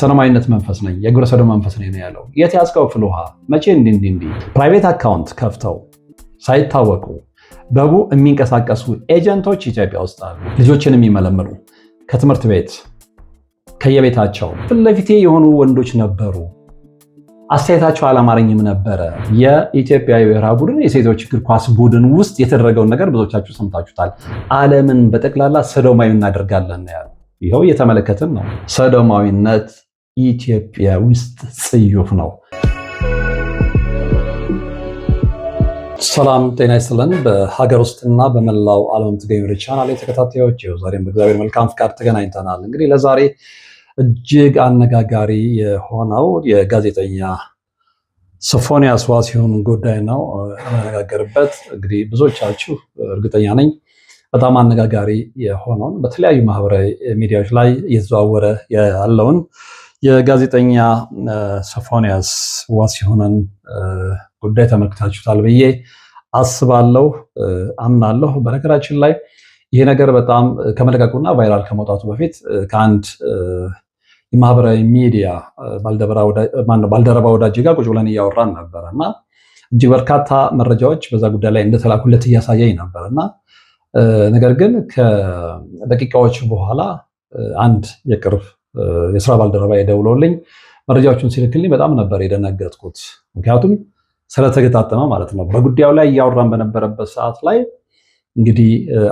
አስተረማኝነት መንፈስ ነኝ፣ የግብረ ሰዶም መንፈስ ነኝ ነው ያለው። የት ያዝከው ፍል ውሃ መቼ እንዲህ እንዲህ እንዲህ ፕራይቬት አካውንት ከፍተው ሳይታወቁ በቡ የሚንቀሳቀሱ ኤጀንቶች ኢትዮጵያ ውስጥ አሉ። ልጆችን የሚመለምሉ ከትምህርት ቤት ከየቤታቸው ፊት የሆኑ ወንዶች ነበሩ። አስተያየታቸው አላማረኝም ነበረ። የኢትዮጵያ ብሔራዊ ቡድን የሴቶች እግር ኳስ ቡድን ውስጥ የተደረገውን ነገር ብዙዎቻችሁ ሰምታችሁታል። ዓለምን በጠቅላላ ሰዶማዊ እናደርጋለን ያለ ይኸው እየተመለከትን ነው። ሰዶማዊነት ኢትዮጵያ ውስጥ ጽዩፍ ነው። ሰላም ጤና ይስጥልን። በሀገር ውስጥና በመላው ዓለም ትገኙ ቻናል ተከታታዮች ዛሬም በእግዚአብሔር መልካም ፍቃድ ተገናኝተናል። እንግዲህ ለዛሬ እጅግ አነጋጋሪ የሆነው የጋዜጠኛ ሶፎንያስ ዋሲሁን ጉዳይ ነው የምነጋገርበት። እንግዲህ ብዙዎቻችሁ እርግጠኛ ነኝ በጣም አነጋጋሪ የሆነውን በተለያዩ ማህበራዊ ሚዲያዎች ላይ እየተዘዋወረ ያለውን የጋዜጠኛ ሶፎንያስ ዋሲሁንን ጉዳይ ተመልክታችሁታል ብዬ አስባለሁ፣ አምናለሁ። በነገራችን ላይ ይሄ ነገር በጣም ከመለቀቁና ቫይራል ከመውጣቱ በፊት ከአንድ የማህበራዊ ሚዲያ ባልደረባ ወዳጅ ጋር ቁጭ ብለን እያወራን ነበረ እና እጅግ በርካታ መረጃዎች በዛ ጉዳይ ላይ እንደተላኩለት እያሳየኝ ነበር እና ነገር ግን ከደቂቃዎች በኋላ አንድ የቅርብ የስራ ባልደረባ የደውሎልኝ መረጃዎቹን ሲልክልኝ በጣም ነበር የደነገጥኩት። ምክንያቱም ስለተገጣጠመ ማለት ነው። በጉዳዩ ላይ እያወራን በነበረበት ሰዓት ላይ እንግዲህ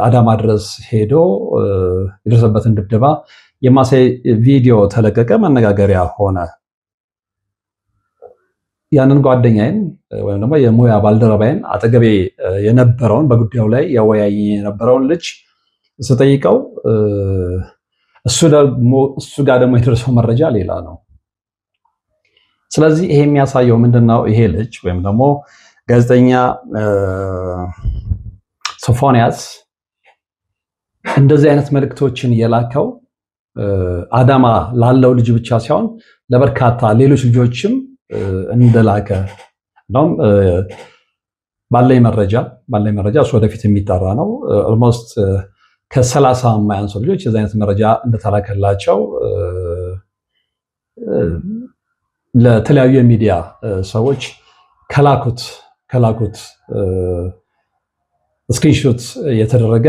አዳማ ድረስ ሄዶ የደረሰበትን ድብደባ የማሳይ ቪዲዮ ተለቀቀ፣ መነጋገሪያ ሆነ። ያንን ጓደኛዬን ወይም ደግሞ የሙያ ባልደረባዬን አጠገቤ የነበረውን በጉዳዩ ላይ ያወያየኝ የነበረውን ልጅ ስጠይቀው እሱ ደግሞ እሱ ጋር ደግሞ የደረሰው መረጃ ሌላ ነው። ስለዚህ ይሄ የሚያሳየው ምንድነው? ይሄ ልጅ ወይም ደግሞ ጋዜጠኛ ሶፎንያስ እንደዚህ አይነት መልእክቶችን የላከው አዳማ ላለው ልጅ ብቻ ሳይሆን ለበርካታ ሌሎች ልጆችም እንደላከ እንደውም ባለኝ መረጃ ባለኝ መረጃ እሱ ወደፊት የሚጠራ ነው ኦልሞስት ከሰላሳ የማያንሱ ልጆች የዚ አይነት መረጃ እንደተላከላቸው ለተለያዩ የሚዲያ ሰዎች ከላኩት ከላኩት ስክሪንሾት የተደረገ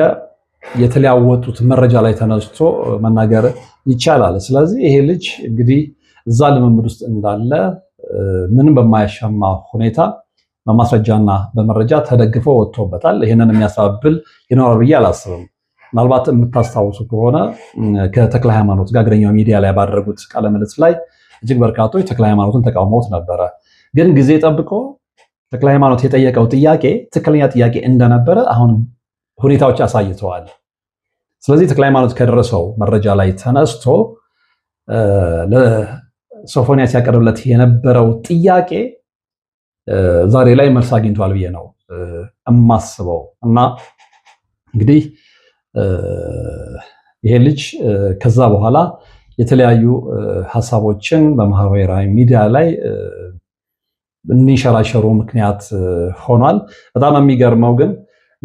የተለያወጡት መረጃ ላይ ተነስቶ መናገር ይቻላል። ስለዚህ ይሄ ልጅ እንግዲህ እዛ ልምምድ ውስጥ እንዳለ ምንም በማያሻማ ሁኔታ በማስረጃና በመረጃ ተደግፎ ወጥቶበታል። ይህንን የሚያሳብል ይኖራል ብዬ አላስብም። ምናልባት የምታስታውሱ ከሆነ ከተክለ ሃይማኖት ጋር እግረኛው ሚዲያ ላይ ባደረጉት ቃለምልልስ ላይ እጅግ በርካቶች ተክለ ሃይማኖትን ተቃውመውት ነበረ። ግን ጊዜ ጠብቆ ተክለ ሃይማኖት የጠየቀው ጥያቄ ትክክለኛ ጥያቄ እንደነበረ አሁን ሁኔታዎች አሳይተዋል። ስለዚህ ተክለ ሃይማኖት ከደረሰው መረጃ ላይ ተነስቶ ለሶፎንያስ ሲያቀርብለት የነበረው ጥያቄ ዛሬ ላይ መልስ አግኝቷል ብዬ ነው የማስበው እና እንግዲህ ይሄ ልጅ ከዛ በኋላ የተለያዩ ሀሳቦችን በማህበራዊ ሚዲያ ላይ እንዲንሸራሸሩ ምክንያት ሆኗል። በጣም የሚገርመው ግን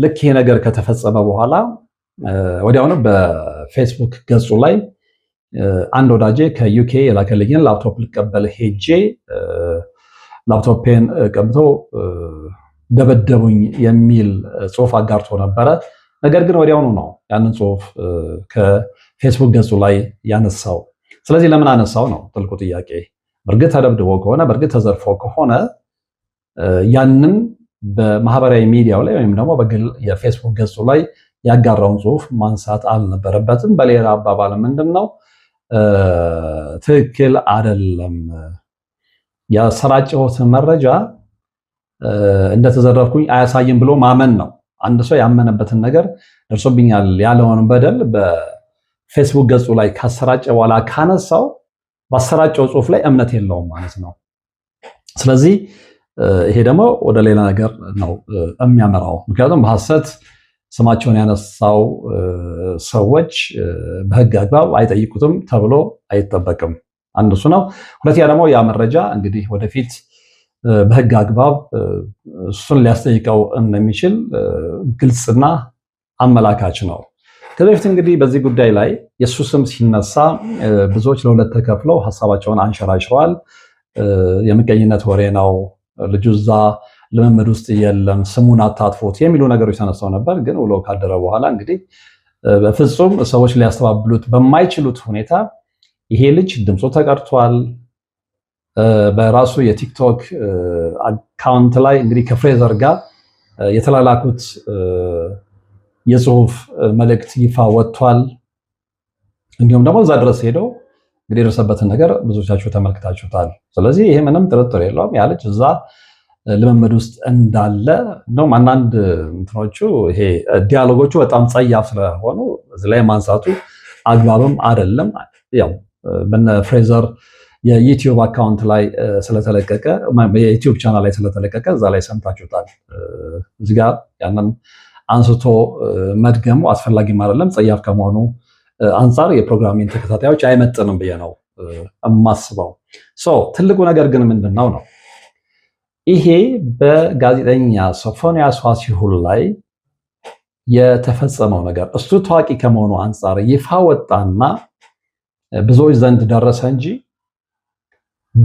ልክ ይሄ ነገር ከተፈጸመ በኋላ ወዲያውኑ በፌስቡክ ገጹ ላይ አንድ ወዳጄ ከዩኬ የላከልኝን ላፕቶፕ ልቀበል ሄጄ ላፕቶፔን ቀምቶ ደበደቡኝ የሚል ጽሑፍ አጋርቶ ነበረ። ነገር ግን ወዲያውኑ ነው ያንን ጽሁፍ ከፌስቡክ ገጹ ላይ ያነሳው። ስለዚህ ለምን አነሳው ነው ጥልቁ ጥያቄ። በእርግጥ ተደብድቦ ከሆነ በእርግጥ ተዘርፎ ከሆነ ያንን በማህበራዊ ሚዲያው ላይ ወይም ደግሞ በግል የፌስቡክ ገጹ ላይ ያጋራውን ጽሁፍ ማንሳት አልነበረበትም። በሌላ አባባል ምንድን ነው ትክክል አይደለም ያሰራጨሁት መረጃ እንደተዘረፍኩኝ አያሳይም ብሎ ማመን ነው አንድ ሰው ያመነበትን ነገር ደርሶብኛል ያለውን በደል በፌስቡክ ገጹ ላይ ካሰራጨ በኋላ ካነሳው ባሰራጨው ጽሁፍ ላይ እምነት የለውም ማለት ነው። ስለዚህ ይሄ ደግሞ ወደ ሌላ ነገር ነው የሚያመራው። ምክንያቱም በሐሰት ስማቸውን ያነሳው ሰዎች በህግ አግባብ አይጠይቁትም ተብሎ አይጠበቅም። አንድ እሱ ነው። ሁለተኛ ደግሞ ያ መረጃ እንግዲህ ወደፊት በህግ አግባብ እሱን ሊያስጠይቀው እንደሚችል ግልጽና አመላካች ነው። ከዚህ በፊት እንግዲህ በዚህ ጉዳይ ላይ የእሱ ስም ሲነሳ ብዙዎች ለሁለት ተከፍለው ሀሳባቸውን አንሸራሽረዋል። የምቀኝነት ወሬ ነው፣ ልጁ እዛ ልምምድ ውስጥ የለም፣ ስሙን አታጥፎት የሚሉ ነገሮች ተነስተው ነበር። ግን ውሎ ካደረ በኋላ እንግዲህ በፍጹም ሰዎች ሊያስተባብሉት በማይችሉት ሁኔታ ይሄ ልጅ ድምፁ ተቀርቷል፣ በራሱ የቲክቶክ አካውንት ላይ እንግዲህ ከፍሬዘር ጋር የተላላኩት የጽሁፍ መልእክት ይፋ ወጥቷል። እንዲሁም ደግሞ እዛ ድረስ ሄደው እንግዲህ የደረሰበትን ነገር ብዙዎቻችሁ ተመልክታችሁታል። ስለዚህ ይሄ ምንም ጥርጥር የለውም ያለች እዛ ልምምድ ውስጥ እንዳለ እንደውም አንዳንድ እንትኖቹ ይሄ ዲያሎጎቹ በጣም ጸያፍ ስለሆኑ እዚህ ላይ ማንሳቱ አግባብም አይደለም። ያው በነ ፍሬዘር የዩቲዩብ አካውንት ላይ ስለተለቀቀ የዩቲዩብ ቻናል ላይ ስለተለቀቀ እዛ ላይ ሰምታችሁታል። እዚህ ጋር ያንን አንስቶ መድገሙ አስፈላጊም አይደለም። ጸያፍ ከመሆኑ አንጻር የፕሮግራሚንግ ተከታታዮች አይመጥንም ብዬ ነው የማስበው። ትልቁ ነገር ግን ምንድን ነው ነው ይሄ በጋዜጠኛ ሶፎንያስ ዋሲሁን ላይ የተፈጸመው ነገር እሱ ታዋቂ ከመሆኑ አንጻር ይፋ ወጣና ብዙዎች ዘንድ ደረሰ እንጂ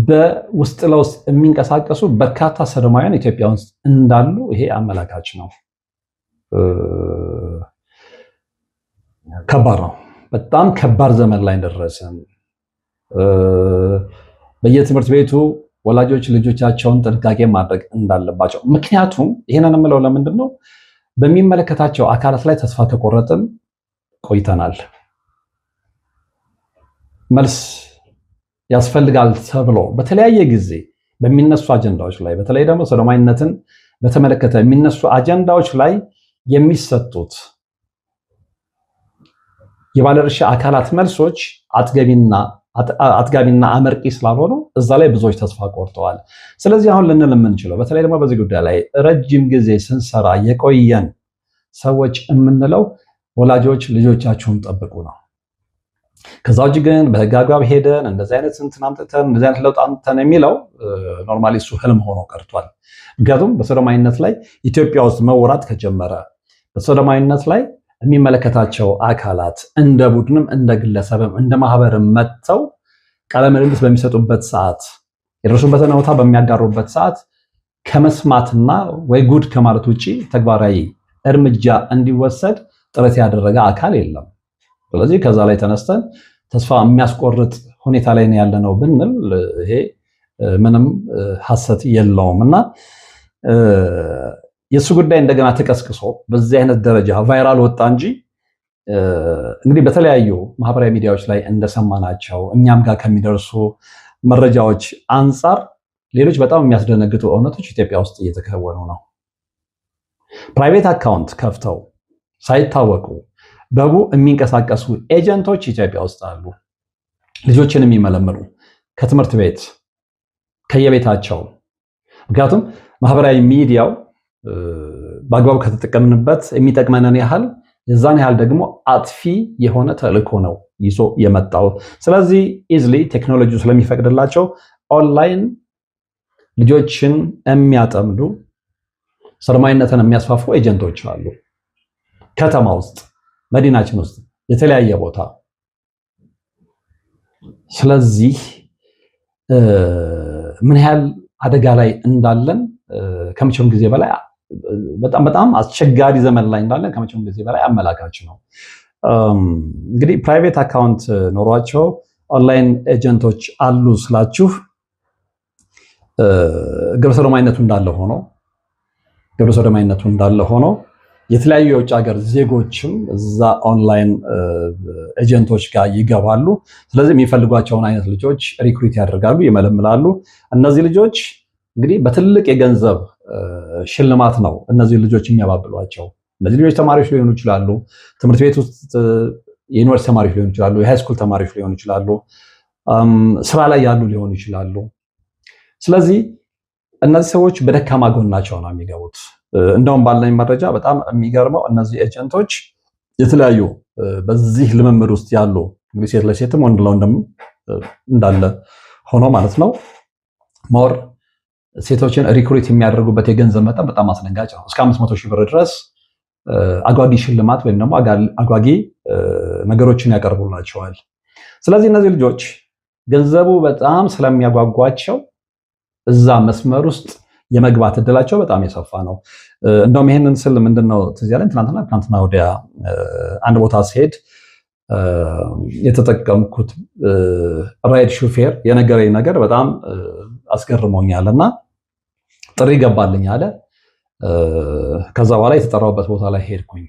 በውስጥ ለውስጥ የሚንቀሳቀሱ በርካታ ሰዶማውያን ኢትዮጵያ ውስጥ እንዳሉ ይሄ አመላካች ነው። ከባድ ነው። በጣም ከባድ ዘመን ላይ እንደደረስን በየትምህርት ቤቱ ወላጆች ልጆቻቸውን ጥንቃቄ ማድረግ እንዳለባቸው። ምክንያቱም ይህንን የምለው ለምንድን ነው? በሚመለከታቸው አካላት ላይ ተስፋ ከቆረጥን ቆይተናል። መልስ ያስፈልጋል ተብሎ በተለያየ ጊዜ በሚነሱ አጀንዳዎች ላይ በተለይ ደግሞ ሰዶማዊነትን በተመለከተ የሚነሱ አጀንዳዎች ላይ የሚሰጡት የባለድርሻ አካላት መልሶች አጥጋቢና አመርቂ ስላልሆኑ እዛ ላይ ብዙዎች ተስፋ ቆርጠዋል። ስለዚህ አሁን ልንል የምንችለው በተለይ ደግሞ በዚህ ጉዳይ ላይ ረጅም ጊዜ ስንሰራ የቆየን ሰዎች የምንለው ወላጆች ልጆቻችሁን ጠብቁ ነው። ከዛ ውጭ ግን በህግ አግባብ ሄደን እንደዚህ አይነት ስንትን አምጥተን እንደዚህ አይነት ለውጥ አምጥተን የሚለው ኖርማሊ እሱ ህልም ሆኖ ቀርቷል። ምክንያቱም በሶዶማዊነት ላይ ኢትዮጵያ ውስጥ መውራት ከጀመረ በሶዶማዊነት ላይ የሚመለከታቸው አካላት እንደ ቡድንም እንደ ግለሰብም እንደ ማህበርም መጥተው ቃለ ምልልስ በሚሰጡበት ሰዓት የደረሱበትን ቦታ በሚያጋሩበት ሰዓት ከመስማትና ወይ ጉድ ከማለት ውጭ ተግባራዊ እርምጃ እንዲወሰድ ጥረት ያደረገ አካል የለም። ስለዚህ ከዛ ላይ ተነስተን ተስፋ የሚያስቆርጥ ሁኔታ ላይ ያለ ነው ብንል ይሄ ምንም ሀሰት የለውም እና የእሱ ጉዳይ እንደገና ተቀስቅሶ በዚህ አይነት ደረጃ ቫይራል ወጣ እንጂ እንግዲህ በተለያዩ ማህበራዊ ሚዲያዎች ላይ እንደሰማናቸው እኛም ጋር ከሚደርሱ መረጃዎች አንጻር ሌሎች በጣም የሚያስደነግጡ እውነቶች ኢትዮጵያ ውስጥ እየተከወኑ ነው። ፕራይቬት አካውንት ከፍተው ሳይታወቁ በጉ የሚንቀሳቀሱ ኤጀንቶች ኢትዮጵያ ውስጥ አሉ። ልጆችን የሚመለምሉ ከትምህርት ቤት ከየቤታቸው። ምክንያቱም ማህበራዊ ሚዲያው በአግባቡ ከተጠቀምንበት የሚጠቅመንን ያህል የዛን ያህል ደግሞ አጥፊ የሆነ ተልእኮ ነው ይዞ የመጣው። ስለዚህ ኢዝሊ ቴክኖሎጂ ስለሚፈቅድላቸው ኦንላይን ልጆችን የሚያጠምዱ ሰርማዊነትን የሚያስፋፉ ኤጀንቶች አሉ ከተማ ውስጥ መዲናችን ውስጥ የተለያየ ቦታ። ስለዚህ ምን ያህል አደጋ ላይ እንዳለን ከመቼውም ጊዜ በላይ በጣም በጣም አስቸጋሪ ዘመን ላይ እንዳለን ከመቼውም ጊዜ በላይ አመላካች ነው። እንግዲህ ፕራይቬት አካውንት ኖሯቸው ኦንላይን ኤጀንቶች አሉ ስላችሁ ግብረሰዶማዊነቱ እንዳለ ሆኖ ግብረሰዶማዊነቱ እንዳለ ሆኖ የተለያዩ የውጭ ሀገር ዜጎችም እዛ ኦንላይን ኤጀንቶች ጋር ይገባሉ። ስለዚህ የሚፈልጓቸውን አይነት ልጆች ሪክሩት ያደርጋሉ፣ ይመለምላሉ። እነዚህ ልጆች እንግዲህ በትልቅ የገንዘብ ሽልማት ነው እነዚህ ልጆች የሚያባብሏቸው። እነዚህ ልጆች ተማሪዎች ሊሆኑ ይችላሉ፣ ትምህርት ቤት ውስጥ የዩኒቨርሲቲ ተማሪዎች ሊሆኑ ይችላሉ፣ የሃይስኩል ተማሪዎች ሊሆኑ ይችላሉ፣ ስራ ላይ ያሉ ሊሆኑ ይችላሉ። ስለዚህ እነዚህ ሰዎች በደካማ ጎናቸው ነው የሚገቡት። እንደውም ባለኝ መረጃ በጣም የሚገርመው እነዚህ ኤጀንቶች የተለያዩ በዚህ ልምምድ ውስጥ ያሉ እንግዲህ ሴት ለሴትም ወንድ ለወንድም እንዳለ ሆኖ ማለት ነው ሞር ሴቶችን ሪክሩት የሚያደርጉበት የገንዘብ መጠን በጣም አስደንጋጭ ነው። እስከ አምስት መቶ ሺህ ብር ድረስ አጓጊ ሽልማት ወይም ደግሞ አጓጊ ነገሮችን ያቀርቡላቸዋል። ስለዚህ እነዚህ ልጆች ገንዘቡ በጣም ስለሚያጓጓቸው እዛ መስመር ውስጥ የመግባት እድላቸው በጣም የሰፋ ነው። እንደውም ይህንን ስል ምንድነው ትዝ ያለኝ ትናንትና ትናንትና ወዲያ አንድ ቦታ ሲሄድ የተጠቀምኩት ራይድ ሹፌር የነገረኝ ነገር በጣም አስገርሞኛል እና ጥሪ ገባልኝ አለ። ከዛ በኋላ የተጠራውበት ቦታ ላይ ሄድኩኝ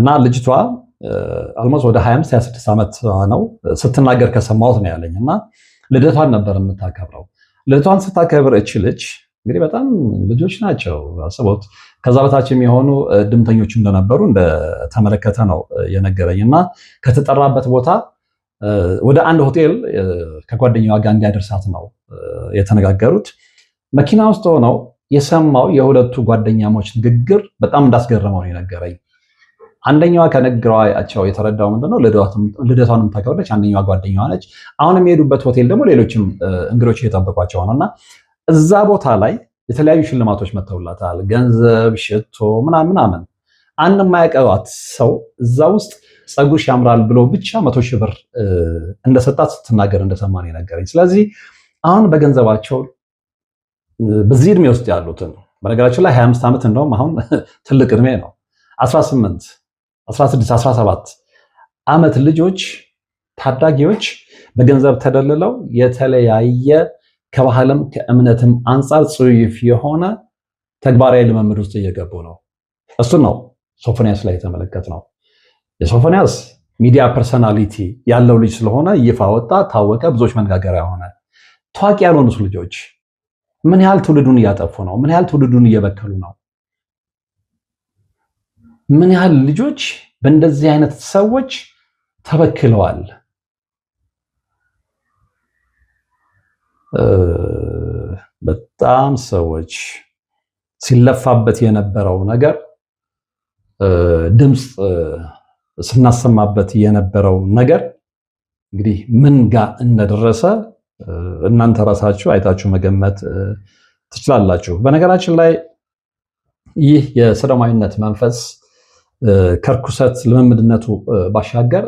እና ልጅቷ አልሞስ ወደ 25 26 ዓመት ነው ስትናገር ከሰማሁት ነው ያለኝ እና ልደቷን ነበር የምታከብረው። ልደቷን ስታከብር እች ልጅ እንግዲህ በጣም ልጆች ናቸው አስቦት ከዛ በታች የሚሆኑ እድምተኞች እንደነበሩ እንደተመለከተ ነው የነገረኝ እና ከተጠራበት ቦታ ወደ አንድ ሆቴል ከጓደኛዋ ጋር እንዲያደርሳት ነው የተነጋገሩት። መኪና ውስጥ ሆነው የሰማው የሁለቱ ጓደኛሞች ንግግር በጣም እንዳስገረመው ነው የነገረኝ። አንደኛዋ ከንግግራቸው የተረዳው ምንድነው ልደቷን የምታከብረች አንደኛዋ ጓደኛዋ ነች። አሁን የሚሄዱበት ሆቴል ደግሞ ሌሎችም እንግዶች እየጠበቋቸው ነው እና እዛ ቦታ ላይ የተለያዩ ሽልማቶች መተውላታል። ገንዘብ፣ ሽቶ ምናምን ምናምን። አንድ የማያውቀዋት ሰው እዛ ውስጥ ፀጉርሽ ያምራል ብሎ ብቻ መቶ ሺህ ብር እንደሰጣት ስትናገር እንደሰማን ነገረኝ። ስለዚህ አሁን በገንዘባቸው በዚህ እድሜ ውስጥ ያሉትን በነገራችን ላይ 25 ዓመት እንደውም አሁን ትልቅ እድሜ ነው። 18፣ 16፣ 17 ዓመት ልጆች ታዳጊዎች በገንዘብ ተደልለው የተለያየ ከባህልም ከእምነትም አንጻር ጽዩፍ የሆነ ተግባራዊ ልምምድ ውስጥ እየገቡ ነው። እሱ ነው ሶፎንያስ ላይ የተመለከት ነው። የሶፎንያስ ሚዲያ ፐርሰናሊቲ ያለው ልጅ ስለሆነ ይፋ ወጣ፣ ታወቀ፣ ብዙዎች መነጋገሪያ ሆነ። ታዋቂ ያልሆኑት ልጆች ምን ያህል ትውልዱን እያጠፉ ነው? ምን ያህል ትውልዱን እየበከሉ ነው? ምን ያህል ልጆች በእንደዚህ አይነት ሰዎች ተበክለዋል? በጣም ሰዎች ሲለፋበት የነበረው ነገር ድምፅ ስናሰማበት የነበረው ነገር እንግዲህ ምን ጋር እንደደረሰ እናንተ ራሳችሁ አይታችሁ መገመት ትችላላችሁ። በነገራችን ላይ ይህ የሰዶማዊነት መንፈስ ከርኩሰት ልምምድነቱ ባሻገር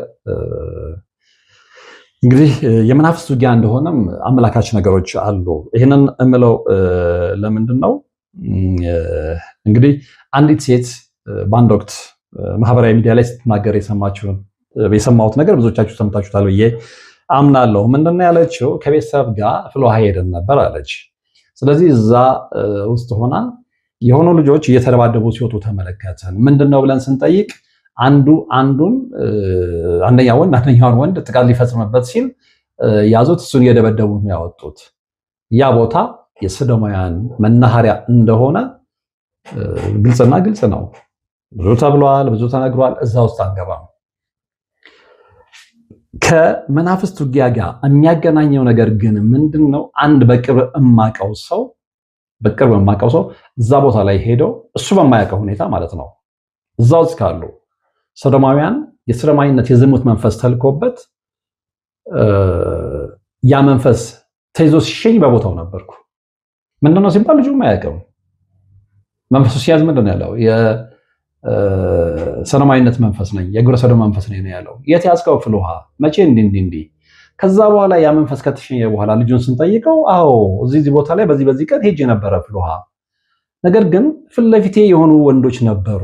እንግዲህ የመናፍስት ውጊያ እንደሆነም አመላካች ነገሮች አሉ። ይህንን እምለው ለምንድን ነው? እንግዲህ አንዲት ሴት በአንድ ወቅት ማህበራዊ ሚዲያ ላይ ስትናገር የሰማሁት ነገር ብዙዎቻችሁ ሰምታችሁታል ብዬ አምናለሁ። ምንድነው ያለችው? ከቤተሰብ ጋር ፍልውሃ ሄደን ነበር አለች። ስለዚህ እዛ ውስጥ ሆና የሆኑ ልጆች እየተደባደቡ ሲወጡ ተመለከተን ምንድን ነው ብለን ስንጠይቅ አንዱ አንዱን አንደኛ ወንድ አንደኛውን ወንድ ጥቃት ሊፈጽምበት ሲል ያዙት፣ እሱን እየደበደቡ ነው ያወጡት። ያ ቦታ የሰዶማውያን መናኸሪያ እንደሆነ ግልጽና ግልጽ ነው። ብዙ ተብሏል፣ ብዙ ተነግሯል። እዛ ውስጥ አንገባም። ከመናፍስት ውጊያ ጋር የሚያገናኘው ነገር ግን ምንድን ነው? አንድ በቅርብ እማቀው ሰው በቅርብ የማውቀው ሰው እዛ ቦታ ላይ ሄደው እሱ በማያውቀው ሁኔታ ማለት ነው እዛ ውስጥ ካሉ ሶዶማውያን የሰዶማዊነት የዝሙት መንፈስ ተልኮበት ያ መንፈስ ተይዞ ሲሸኝ በቦታው ነበርኩ። ምንድነው ሲባል ልጁም አያውቅም። መንፈሱ ሲያዝ ምንድነው ያለው? የሰዶማዊነት መንፈስ ነኝ፣ የግብረ ሰዶም መንፈስ ነኝ ነው ያለው። የት ያዝከው? ፍልውሃ። መቼ? እንዲህ እንዲህ እንዲህ። ከዛ በኋላ ያ መንፈስ ከተሸኘ በኋላ ልጁን ስንጠይቀው አዎ እዚህ እዚህ ቦታ ላይ በዚህ በዚህ ቀን ሄጅ የነበረ ፍልውሃ፣ ነገር ግን ፊት ለፊቴ የሆኑ ወንዶች ነበሩ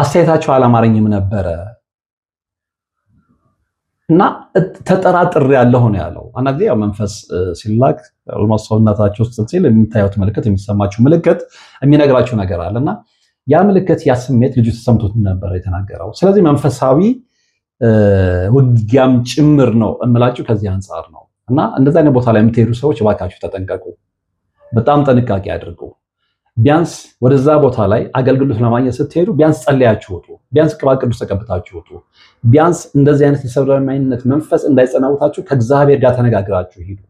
አስተያየታቸው አላማረኝም ነበረ እና ተጠራጥር ያለሁ ነው ያለው። አንዳንድ ጊዜ መንፈስ ሲላክ ሰውነታቸው ውስጥ ሲል የሚታዩት ምልክት፣ የሚሰማቸው ምልክት የሚነግራቸው ነገር አለ እና ያ ምልክት፣ ያ ስሜት ልጁ ተሰምቶት ነበረ የተናገረው። ስለዚህ መንፈሳዊ ውጊያም ጭምር ነው እምላችሁ ከዚህ አንጻር ነው እና እንደዚ አይነት ቦታ ላይ የምትሄዱ ሰዎች እባካችሁ ተጠንቀቁ፣ በጣም ጥንቃቄ አድርገው። ቢያንስ ወደዛ ቦታ ላይ አገልግሎት ለማግኘት ስትሄዱ ቢያንስ ጸለያችሁ ውጡ፣ ቢያንስ ቅባት ቅዱስ ተቀብታችሁ ውጡ፣ ቢያንስ እንደዚህ አይነት የሰብራማኝነት መንፈስ እንዳይጸናውታችሁ ከእግዚአብሔር ጋር ተነጋግራችሁ ሂዱ።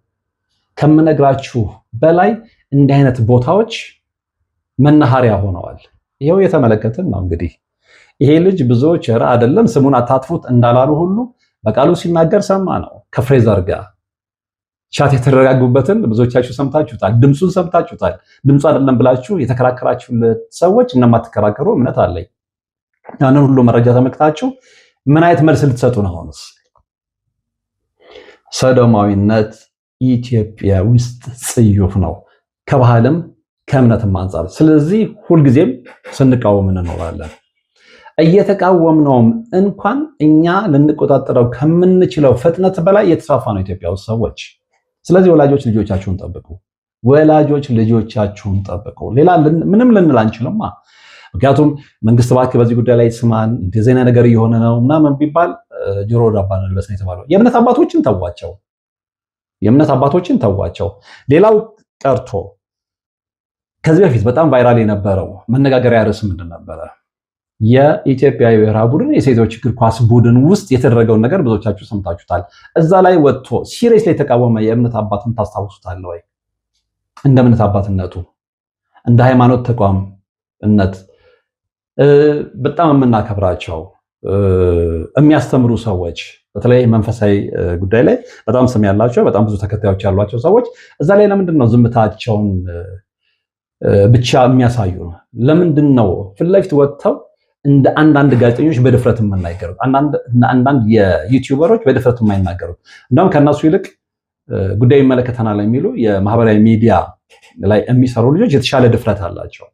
ከምነግራችሁ በላይ እንዲህ አይነት ቦታዎች መናኸሪያ ሆነዋል። ይሄው የተመለከትን ነው እንግዲህ ይሄ ልጅ ብዙዎች ኧረ አይደለም ስሙን አታጥፉት እንዳላሉ ሁሉ በቃሉ ሲናገር ሰማ ነው ከፍሬዘር ጋር ሻት የተረጋጉበትን ብዙዎቻችሁ ሰምታችሁታል። ድምፁን ሰምታችሁታል። ድምፁ አይደለም ብላችሁ የተከራከራችሁለት ሰዎች እንደማትከራከሩ እምነት አለኝ። ያንን ሁሉ መረጃ ተመልክታችሁ ምን አይነት መልስ ልትሰጡ ነው? አሁንስ ሰዶማዊነት ኢትዮጵያ ውስጥ ጽዩፍ ነው ከባህልም ከእምነትም አንጻር። ስለዚህ ሁልጊዜም ስንቃወም እንኖራለን። እየተቃወምነውም እንኳን እኛ ልንቆጣጠረው ከምንችለው ፍጥነት በላይ እየተስፋፋ ነው ኢትዮጵያ ውስጥ ሰዎች ስለዚህ ወላጆች ልጆቻችሁን ጠብቁ። ወላጆች ልጆቻችሁን ጠብቁ። ሌላ ምንም ልንል አንችልማ። ምክንያቱም መንግስት እባክህ በዚህ ጉዳይ ላይ ስማን፣ እንደዚህ ነገር እየሆነ ነው ምናምን ቢባል ጆሮ ዳባ ልበስ ነው የተባለው። የእምነት አባቶችን ተዋቸው፣ የእምነት አባቶችን ተዋቸው። ሌላው ቀርቶ ከዚህ በፊት በጣም ቫይራል የነበረው መነጋገሪያ ርዕስ ምንድን ነበረ? የኢትዮጵያ የብሔራ ቡድን የሴቶች እግር ኳስ ቡድን ውስጥ የተደረገውን ነገር ብዙዎቻችሁ ሰምታችሁታል። እዛ ላይ ወጥቶ ሲሬስ ላይ የተቃወመ የእምነት አባትን ታስታውሱታል ወይ? እንደ እምነት አባትነቱ እንደ ሃይማኖት ተቋምነት በጣም የምናከብራቸው የሚያስተምሩ ሰዎች በተለይ መንፈሳዊ ጉዳይ ላይ በጣም ስም ያላቸው በጣም ብዙ ተከታዮች ያሏቸው ሰዎች እዛ ላይ ለምንድን ነው ዝምታቸውን ብቻ የሚያሳዩ? ለምንድን ነው ፊት ለፊት ወጥተው እንደ አንዳንድ ጋዜጠኞች በድፍረት የማይናገሩት አንዳንድ የዩቲዩበሮች በድፍረት የማይናገሩት እንደውም ከእነሱ ይልቅ ጉዳይ ይመለከተናል የሚሉ የማህበራዊ ሚዲያ ላይ የሚሰሩ ልጆች የተሻለ ድፍረት አላቸው።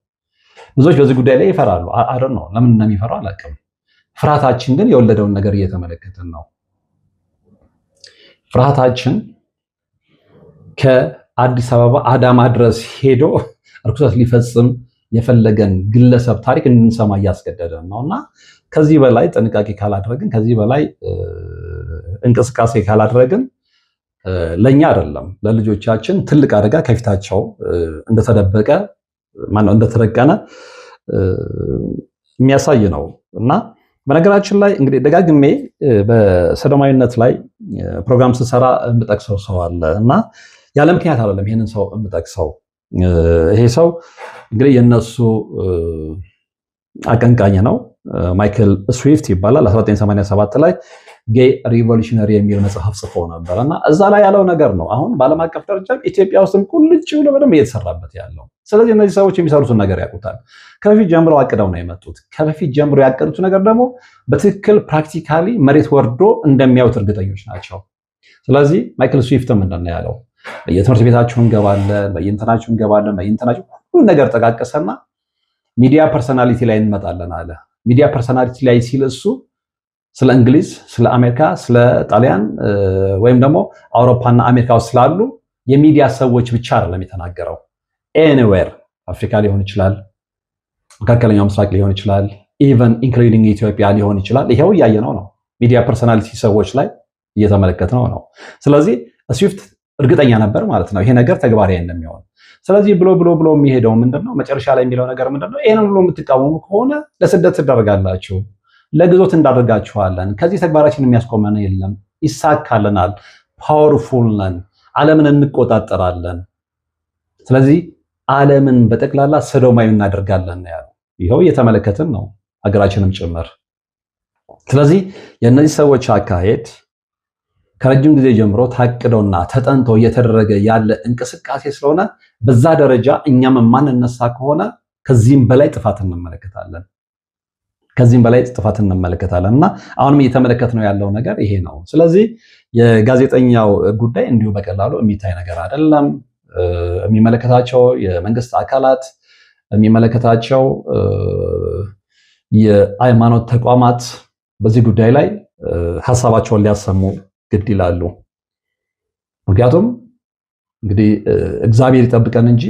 ብዙዎች በዚህ ጉዳይ ላይ ይፈራሉ። አረ ነው ለምን እንደሚፈሩ አላውቅም። ፍርሃታችን ግን የወለደውን ነገር እየተመለከትን ነው። ፍርሃታችን ከአዲስ አበባ አዳማ ድረስ ሄዶ እርኩሰት ሊፈጽም የፈለገን ግለሰብ ታሪክ እንድንሰማ እያስገደደ ነው እና ከዚህ በላይ ጥንቃቄ ካላደረግን፣ ከዚህ በላይ እንቅስቃሴ ካላደረግን ለእኛ አይደለም ለልጆቻችን ትልቅ አደጋ ከፊታቸው እንደተደበቀ እንደተደቀነ የሚያሳይ ነው እና በነገራችን ላይ እንግዲህ ደጋግሜ በሰዶማዊነት ላይ ፕሮግራም ስሰራ የምጠቅሰው ሰው አለ እና ያለ ምክንያት አይደለም ይህንን ሰው የምጠቅሰው ይሄ ሰው እንግዲህ የእነሱ አቀንቃኝ ነው። ማይክል ስዊፍት ይባላል። 1987 ላይ ጌ ሪቮሉሽነሪ የሚል መጽሐፍ ጽፎ ነበር እና እዛ ላይ ያለው ነገር ነው አሁን በዓለም አቀፍ ደረጃም ኢትዮጵያ ውስጥም ቁልጭ ብሎ በደንብ እየተሰራበት ያለው። ስለዚህ እነዚህ ሰዎች የሚሰሩትን ነገር ያውቁታል። ከበፊት ጀምረው አቅደው ነው የመጡት። ከበፊት ጀምሮ ያቀዱት ነገር ደግሞ በትክክል ፕራክቲካሊ መሬት ወርዶ እንደሚያዩት እርግጠኞች ናቸው። ስለዚህ ማይክል ስዊፍት ምንድን ነው ያለው? በየትምህርት ቤታችሁ እንገባለን፣ በየእንትናችሁ እንገባለን፣ በየእንትናችሁ ሁሉ ነገር ጠቃቀሰና ሚዲያ ፐርሰናሊቲ ላይ እንመጣለን አለ። ሚዲያ ፐርሰናሊቲ ላይ ሲል እሱ ስለ እንግሊዝ፣ ስለ አሜሪካ፣ ስለ ጣሊያን ወይም ደግሞ አውሮፓና አሜሪካ ውስጥ ስላሉ የሚዲያ ሰዎች ብቻ አይደለም የተናገረው። ኤኒዌር አፍሪካ ሊሆን ይችላል፣ መካከለኛው ምስራቅ ሊሆን ይችላል፣ ኢቨን ኢንክሉዲንግ ኢትዮጵያ ሊሆን ይችላል። ይሄው እያየነው ነው። ሚዲያ ፐርሰናሊቲ ሰዎች ላይ እየተመለከትነው ነው። ስለዚህ ስዊፍት እርግጠኛ ነበር ማለት ነው፣ ይሄ ነገር ተግባራዊ እንደሚሆን። ስለዚህ ብሎ ብሎ ብሎ የሚሄደው ምንድነው መጨረሻ ላይ የሚለው ነገር ምንድነው? ይሄን ሁሉ የምትቃወሙ ከሆነ ለስደት ትዳርጋላችሁ፣ ለግዞት እንዳደርጋችኋለን። ከዚህ ተግባራችን የሚያስቆመን የለም፣ ይሳካልናል፣ ፓወርፉል ነን፣ ዓለምን እንቆጣጠራለን። ስለዚህ ዓለምን በጠቅላላ ሰዶማዊ እናደርጋለን ያለው ይኸው እየተመለከትን ነው፣ ሀገራችንም ጭምር። ስለዚህ የእነዚህ ሰዎች አካሄድ ከረጅም ጊዜ ጀምሮ ታቅዶና ተጠንቶ እየተደረገ ያለ እንቅስቃሴ ስለሆነ በዛ ደረጃ እኛም የማንነሳ ከሆነ ከዚህም በላይ ጥፋት እንመለከታለን ከዚህም በላይ ጥፋት እንመለከታለን እና አሁንም እየተመለከት ነው ያለው ነገር ይሄ ነው። ስለዚህ የጋዜጠኛው ጉዳይ እንዲሁ በቀላሉ የሚታይ ነገር አይደለም። የሚመለከታቸው የመንግስት አካላት፣ የሚመለከታቸው የሃይማኖት ተቋማት በዚህ ጉዳይ ላይ ሀሳባቸውን ሊያሰሙ ግድ ይላሉ። ምክንያቱም እንግዲህ እግዚአብሔር ይጠብቀን እንጂ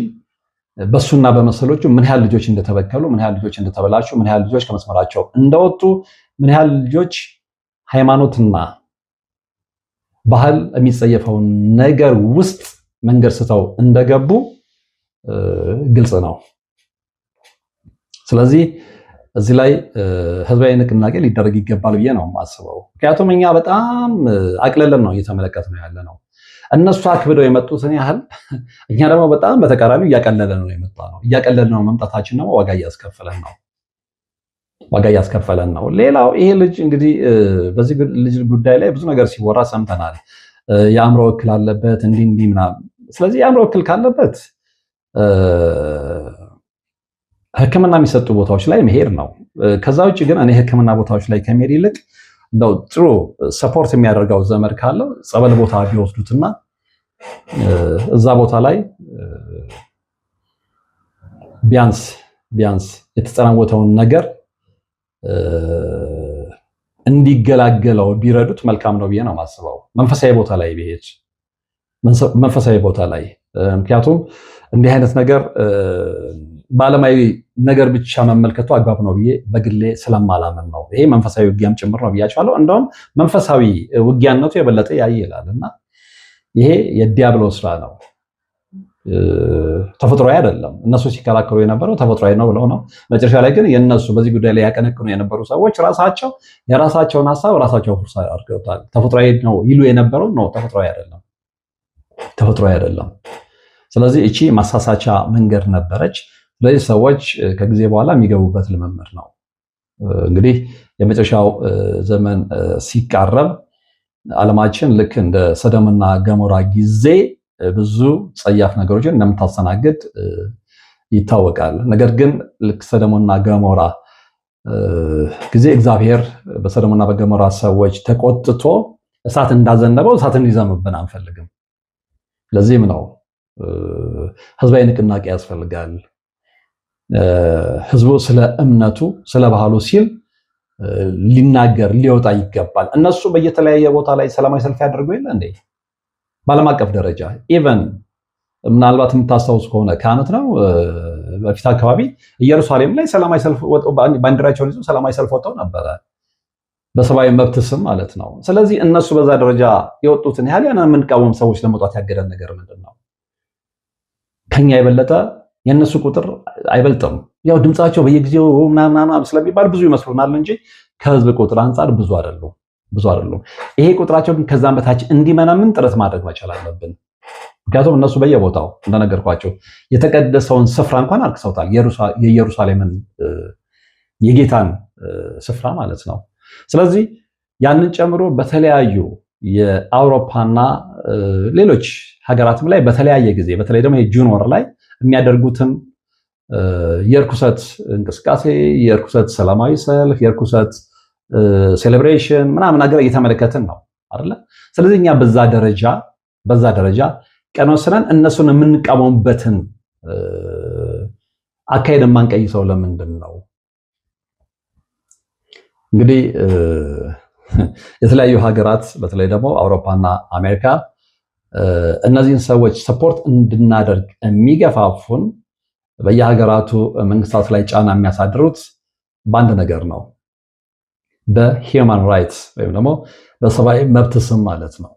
በሱና በመሰሎቹ ምን ያህል ልጆች እንደተበከሉ፣ ምን ያህል ልጆች እንደተበላሹ፣ ምን ያህል ልጆች ከመስመራቸው እንደወጡ፣ ምን ያህል ልጆች ሃይማኖትና ባህል የሚጸየፈውን ነገር ውስጥ መንገድ ስተው እንደገቡ ግልጽ ነው። ስለዚህ እዚህ ላይ ህዝባዊ ንቅናቄ ሊደረግ ይገባል ብዬ ነው የማስበው። ምክንያቱም እኛ በጣም አቅለለን ነው እየተመለከት ነው ያለ ነው። እነሱ አክብደው የመጡትን ያህል እኛ ደግሞ በጣም በተቃራኒው እያቀለለ ነው የመጣ ነው። እያቀለለ ነው መምጣታችን ደግሞ ዋጋ እያስከፈለን ነው ዋጋ እያስከፈለን ነው። ሌላው ይሄ ልጅ እንግዲህ በዚህ ልጅ ጉዳይ ላይ ብዙ ነገር ሲወራ ሰምተናል። የአእምሮ እክል አለበት እንዲህ እንዲህ ምናምን። ስለዚህ የአእምሮ እክል ካለበት ህክምና የሚሰጡ ቦታዎች ላይ መሄድ ነው። ከዛ ውጭ ግን እኔ ህክምና ቦታዎች ላይ ከመሄድ ይልቅ እንደው ጥሩ ሰፖርት የሚያደርገው ዘመድ ካለው ጸበል ቦታ ቢወስዱትና እዛ ቦታ ላይ ቢያንስ ቢያንስ የተጠናወተውን ነገር እንዲገላገለው ቢረዱት መልካም ነው ብዬ ነው የማስበው። መንፈሳዊ ቦታ ላይ ቢሄድ መንፈሳዊ ቦታ ላይ ምክንያቱም እንዲህ አይነት ነገር በዓለማዊ ነገር ብቻ መመልከቱ አግባብ ነው ብዬ በግሌ ስለማላምን ነው። ይሄ መንፈሳዊ ውጊያም ጭምር ነው ብያቸዋለሁ። እንደውም መንፈሳዊ ውጊያነቱ የበለጠ ያይ ይላል እና ይሄ የዲያብሎ ስራ ነው፣ ተፈጥሯዊ አይደለም። እነሱ ሲከላከሉ የነበረው ተፈጥሯዊ ነው ብለው ነው። መጨረሻ ላይ ግን የነሱ በዚህ ጉዳይ ላይ ያቀነቅኑ የነበሩ ሰዎች ራሳቸው የራሳቸውን ሀሳብ ራሳቸው ፉርሳ አድርገውታል። ተፈጥሯዊ ነው ይሉ የነበረው ነው፣ ተፈጥሯዊ አይደለም፣ ተፈጥሯዊ አይደለም። ስለዚህ እቺ ማሳሳቻ መንገድ ነበረች። ስለዚህ ሰዎች ከጊዜ በኋላ የሚገቡበት ልምምድ ነው። እንግዲህ የመጨረሻው ዘመን ሲቃረብ ዓለማችን ልክ እንደ ሰደምና ገሞራ ጊዜ ብዙ ጸያፍ ነገሮችን እንደምታስተናግድ ይታወቃል። ነገር ግን ልክ ሰደምና ገሞራ ጊዜ እግዚአብሔር በሰደምና በገሞራ ሰዎች ተቆጥቶ እሳት እንዳዘነበው እሳት እንዲዘምብን አንፈልግም። ለዚህም ነው ህዝባዊ ንቅናቄ ያስፈልጋል። ህዝቡ ስለ እምነቱ ስለ ባህሉ ሲል ሊናገር ሊወጣ ይገባል። እነሱ በየተለያየ ቦታ ላይ ሰላማዊ ሰልፍ ያደርጉ የለ እንዴ? በዓለም አቀፍ ደረጃ ኢቨን ምናልባት የምታስታውስ ከሆነ ከአመት ነው በፊት አካባቢ ኢየሩሳሌም ላይ ሰላማዊ ሰልፍ ባንዲራቸውን ይዞ ሰላማዊ ሰልፍ ወጥተው ነበረ፣ በሰብአዊ መብት ስም ማለት ነው። ስለዚህ እነሱ በዛ ደረጃ የወጡትን ያህል ያን የምንቃወም ሰዎች ለመውጣት ያገደን ነገር ምንድን ነው? ከኛ የበለጠ የእነሱ ቁጥር አይበልጥም። ያው ድምፃቸው በየጊዜው ምናምናም ስለሚባል ብዙ ይመስሉናል እንጂ ከህዝብ ቁጥር አንጻር ብዙ አይደሉም ብዙ አይደሉም። ይሄ ቁጥራቸው ግን ከዛም በታች እንዲመናምን ጥረት ማድረግ መቻል አለብን። ምክንያቱም እነሱ በየቦታው እንደነገርኳቸው የተቀደሰውን ስፍራ እንኳን አርክሰውታል። የኢየሩሳሌምን የጌታን ስፍራ ማለት ነው። ስለዚህ ያንን ጨምሮ በተለያዩ የአውሮፓና ሌሎች ሀገራትም ላይ በተለያየ ጊዜ በተለይ ደግሞ የጁን ወር ላይ የሚያደርጉትን የእርኩሰት እንቅስቃሴ፣ የእርኩሰት ሰላማዊ ሰልፍ፣ የእርኩሰት ሴሌብሬሽን ምናምን ነገር እየተመለከትን ነው አይደለ? ስለዚህ እኛ በዛ ደረጃ በዛ ደረጃ ቀን ወስነን እነሱን የምንቃወምበትን አካሄድ የማንቀይ ሰው ለምንድን ነው? እንግዲህ የተለያዩ ሀገራት በተለይ ደግሞ አውሮፓና አሜሪካ እነዚህን ሰዎች ሰፖርት እንድናደርግ የሚገፋፉን በየሀገራቱ መንግስታት ላይ ጫና የሚያሳድሩት በአንድ ነገር ነው፣ በሂውማን ራይትስ ወይም ደግሞ በሰብአዊ መብት ስም ማለት ነው።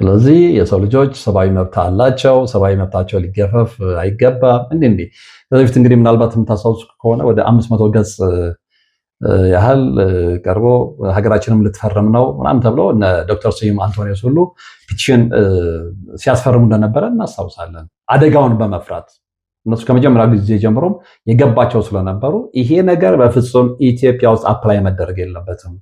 ስለዚህ የሰው ልጆች ሰብአዊ መብት አላቸው። ሰብአዊ መብታቸው ሊገፈፍ አይገባም። እንዲህ እንዲህ በፊት እንግዲህ ምናልባት የምታስታውሱ ከሆነ ወደ አምስት መቶ ገጽ ያህል ቀርቦ ሀገራችንም ልትፈርም ነው ምናምን ተብሎ ዶክተር ስዩም አንቶኒዮስ ሁሉ ፒቲሽን ሲያስፈርሙ እንደነበረ እናስታውሳለን። አደጋውን በመፍራት እነሱ ከመጀመሪያ ጊዜ ጀምሮም የገባቸው ስለነበሩ ይሄ ነገር በፍጹም ኢትዮጵያ ውስጥ አፕላይ መደረግ የለበትም።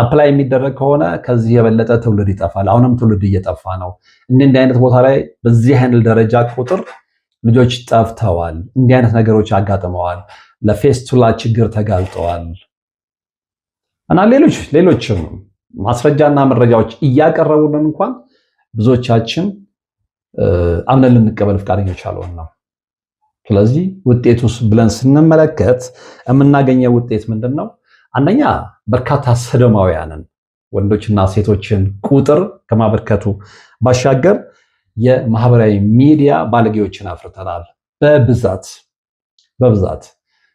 አፕላይ የሚደረግ ከሆነ ከዚህ የበለጠ ትውልድ ይጠፋል። አሁንም ትውልድ እየጠፋ ነው። እንዲህ አይነት ቦታ ላይ በዚህ አይነት ደረጃ ቁጥር ልጆች ጠፍተዋል። እንዲህ አይነት ነገሮች አጋጥመዋል። ለፌስቱላ ችግር ተጋልጠዋል እና ሌሎች ሌሎችም ማስረጃና መረጃዎች እያቀረቡልን እንኳን ብዙዎቻችን አምነን ልንቀበል ፈቃደኞች አልሆን ነው። ስለዚህ ውጤቱስ ብለን ስንመለከት የምናገኘው ውጤት ምንድን ነው? አንደኛ በርካታ ሰዶማውያንን ወንዶችና ሴቶችን ቁጥር ከማበርከቱ ባሻገር የማህበራዊ ሚዲያ ባለጌዎችን አፍርተናል በብዛት በብዛት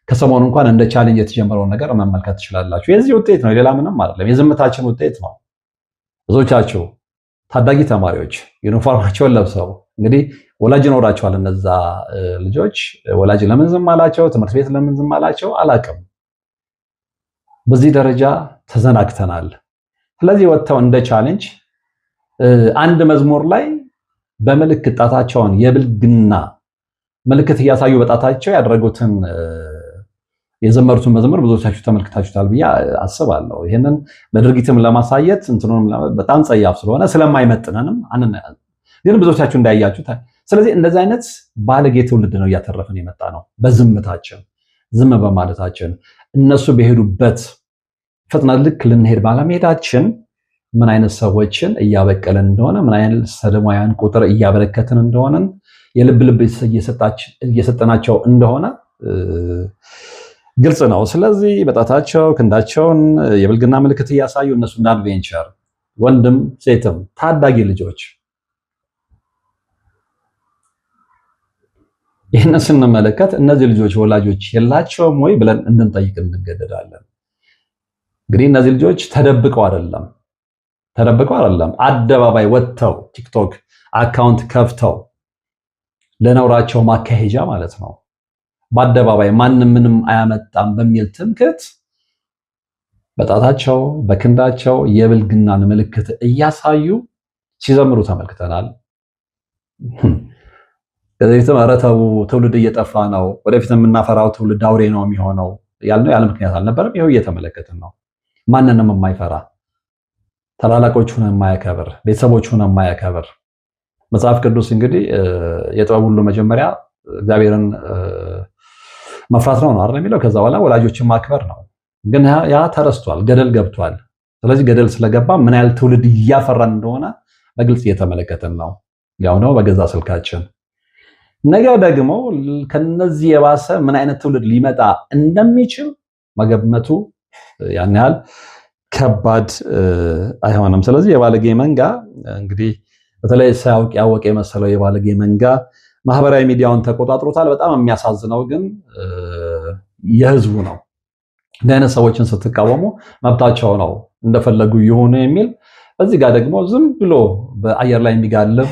ከሰሞኑ እንኳን እንደ ቻሌንጅ የተጀመረውን ነገር መመልከት ትችላላችሁ። የዚህ ውጤት ነው፣ ሌላ ምንም አይደለም። የዝምታችን ውጤት ነው። ብዙዎቻችሁ ታዳጊ ተማሪዎች ዩኒፎርማቸውን ለብሰው እንግዲህ ወላጅ ይኖራቸዋል። እነዛ ልጆች ወላጅ ለምን ዝም አላቸው? ትምህርት ቤት ለምን ዝም አላቸው? አላቅም። በዚህ ደረጃ ተዘናግተናል። ስለዚህ ወጥተው እንደ ቻሌንጅ አንድ መዝሙር ላይ በምልክት ጣታቸውን የብልግና ምልክት እያሳዩ በጣታቸው ያደረጉትን የዘመሩትን መዘመር ብዙዎቻችሁ ተመልክታችሁታል ብዬ አስባለሁ። ይህንን በድርጊትም ለማሳየት እንትኑንም በጣም ጸያፍ ስለሆነ ስለማይመጥነንም አንናያለን፣ ግን ብዙዎቻችሁ እንዳያችሁ። ስለዚህ እንደዚህ አይነት ባለጌ ትውልድ ነው እያተረፍን የመጣ ነው። በዝምታችን ዝም በማለታችን እነሱ በሄዱበት ፍጥነት ልክ ልንሄድ ባለመሄዳችን ምን አይነት ሰዎችን እያበቀልን እንደሆነ ምን አይነት ሰዶማውያን ቁጥር እያበረከትን እንደሆነን የልብ ልብ እየሰጠናቸው እንደሆነ ግልጽ ነው። ስለዚህ በጣታቸው ክንዳቸውን የብልግና ምልክት እያሳዩ እነሱ እንደ አድቬንቸር ወንድም ሴትም ታዳጊ ልጆች ይህንን ስንመለከት እነዚህ ልጆች ወላጆች የላቸውም ወይ ብለን እንድንጠይቅ እንገደዳለን። እንግዲህ እነዚህ ልጆች ተደብቀው አይደለም ተደብቀው አይደለም፣ አደባባይ ወጥተው ቲክቶክ አካውንት ከፍተው ለነውራቸው ማካሄጃ ማለት ነው በአደባባይ ማንም ምንም አያመጣም በሚል ትምክህት በጣታቸው በክንዳቸው የብልግናን ምልክት እያሳዩ ሲዘምሩ ተመልክተናል። ከዚህም ረተቡ ትውልድ እየጠፋ ነው፣ ወደፊት የምናፈራው ትውልድ አውሬ ነው የሚሆነው ያልነው ያለ ምክንያት አልነበረም። ይኸው እየተመለከትን ነው። ማንንም የማይፈራ ታላላቆቹን የማያከብር ቤተሰቦቹን የማያከብር መጽሐፍ ቅዱስ እንግዲህ የጥበብ ሁሉ መጀመሪያ እግዚአብሔርን መፍራት ነው ነው አይደል የሚለው። ከዛ በኋላ ወላጆችን ማክበር ነው። ግን ያ ተረስቷል፣ ገደል ገብቷል። ስለዚህ ገደል ስለገባ ምን ያህል ትውልድ እያፈራን እንደሆነ በግልጽ እየተመለከትን ነው። ያው ነው በገዛ ስልካችን። ነገ ደግሞ ከነዚህ የባሰ ምን አይነት ትውልድ ሊመጣ እንደሚችል መገመቱ ያን ያህል ከባድ አይሆንም። ስለዚህ የባለጌ መንጋ እንግዲህ በተለይ ሳያውቅ ያወቀ የመሰለው የባለጌ መንጋ ማህበራዊ ሚዲያውን ተቆጣጥሮታል። በጣም የሚያሳዝነው ግን የህዝቡ ነው። እንዲህ አይነት ሰዎችን ስትቃወሙ መብታቸው ነው እንደፈለጉ ይሁኑ የሚል እዚህ ጋር ደግሞ ዝም ብሎ በአየር ላይ የሚጋልብ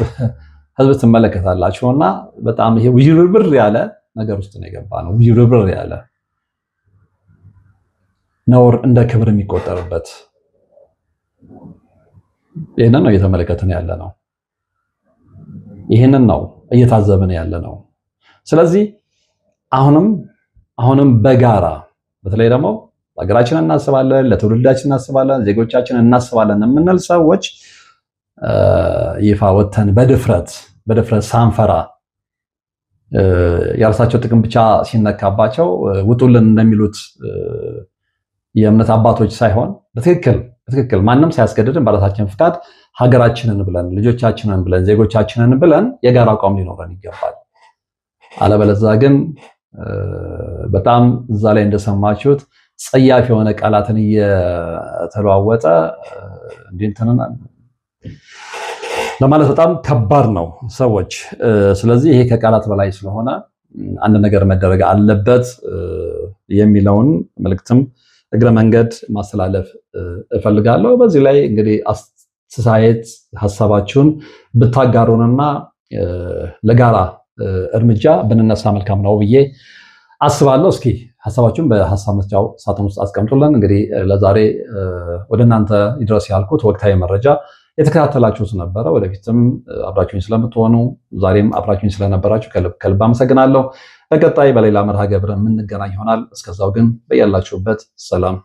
ህዝብ ትመለከታላችሁ እና በጣም ይሄ ውይርብር ያለ ነገር ውስጥ ነው የገባ ነው። ውይርብር ያለ ነውር እንደ ክብር የሚቆጠርበት ይህንን ነው እየተመለከትን ያለ ነው። ይህንን ነው እየታዘብን ያለ ነው። ስለዚህ አሁንም አሁንም በጋራ በተለይ ደግሞ ሀገራችን እናስባለን፣ ለትውልዳችን እናስባለን፣ ዜጎቻችን እናስባለን የምንል ሰዎች ይፋ ወተን በድፍረት በድፍረት ሳንፈራ የራሳቸው ጥቅም ብቻ ሲነካባቸው ውጡልን እንደሚሉት የእምነት አባቶች ሳይሆን በትክክል ትክክል። ማንም ሲያስገድድን በራሳችን ፍቃድ ሀገራችንን ብለን ልጆቻችንን ብለን ዜጎቻችንን ብለን የጋራ አቋም ሊኖረን ይገባል። አለበለዛ ግን በጣም እዛ ላይ እንደሰማችሁት ጸያፍ የሆነ ቃላትን እየተለዋወጠ እንዲንትንና ለማለት በጣም ከባድ ነው ሰዎች። ስለዚህ ይሄ ከቃላት በላይ ስለሆነ አንድ ነገር መደረግ አለበት የሚለውን መልእክትም እግረ መንገድ ማስተላለፍ እፈልጋለሁ። በዚህ ላይ እንግዲህ አስተያየት ሀሳባችሁን ብታጋሩንና ለጋራ እርምጃ ብንነሳ መልካም ነው ብዬ አስባለሁ። እስኪ ሀሳባችሁን በሀሳብ መስጫው ሳጥን ውስጥ አስቀምጡልን። እንግዲህ ለዛሬ ወደ እናንተ ይድረስ ያልኩት ወቅታዊ መረጃ የተከታተላችሁት ነበረ። ወደፊትም አብራችሁኝ ስለምትሆኑ ዛሬም አብራችሁኝ ስለነበራችሁ ከልብ ከልብ አመሰግናለሁ። በቀጣይ በሌላ መርሃ ግብር የምንገናኝ ይሆናል። እስከዛው ግን በያላችሁበት ሰላም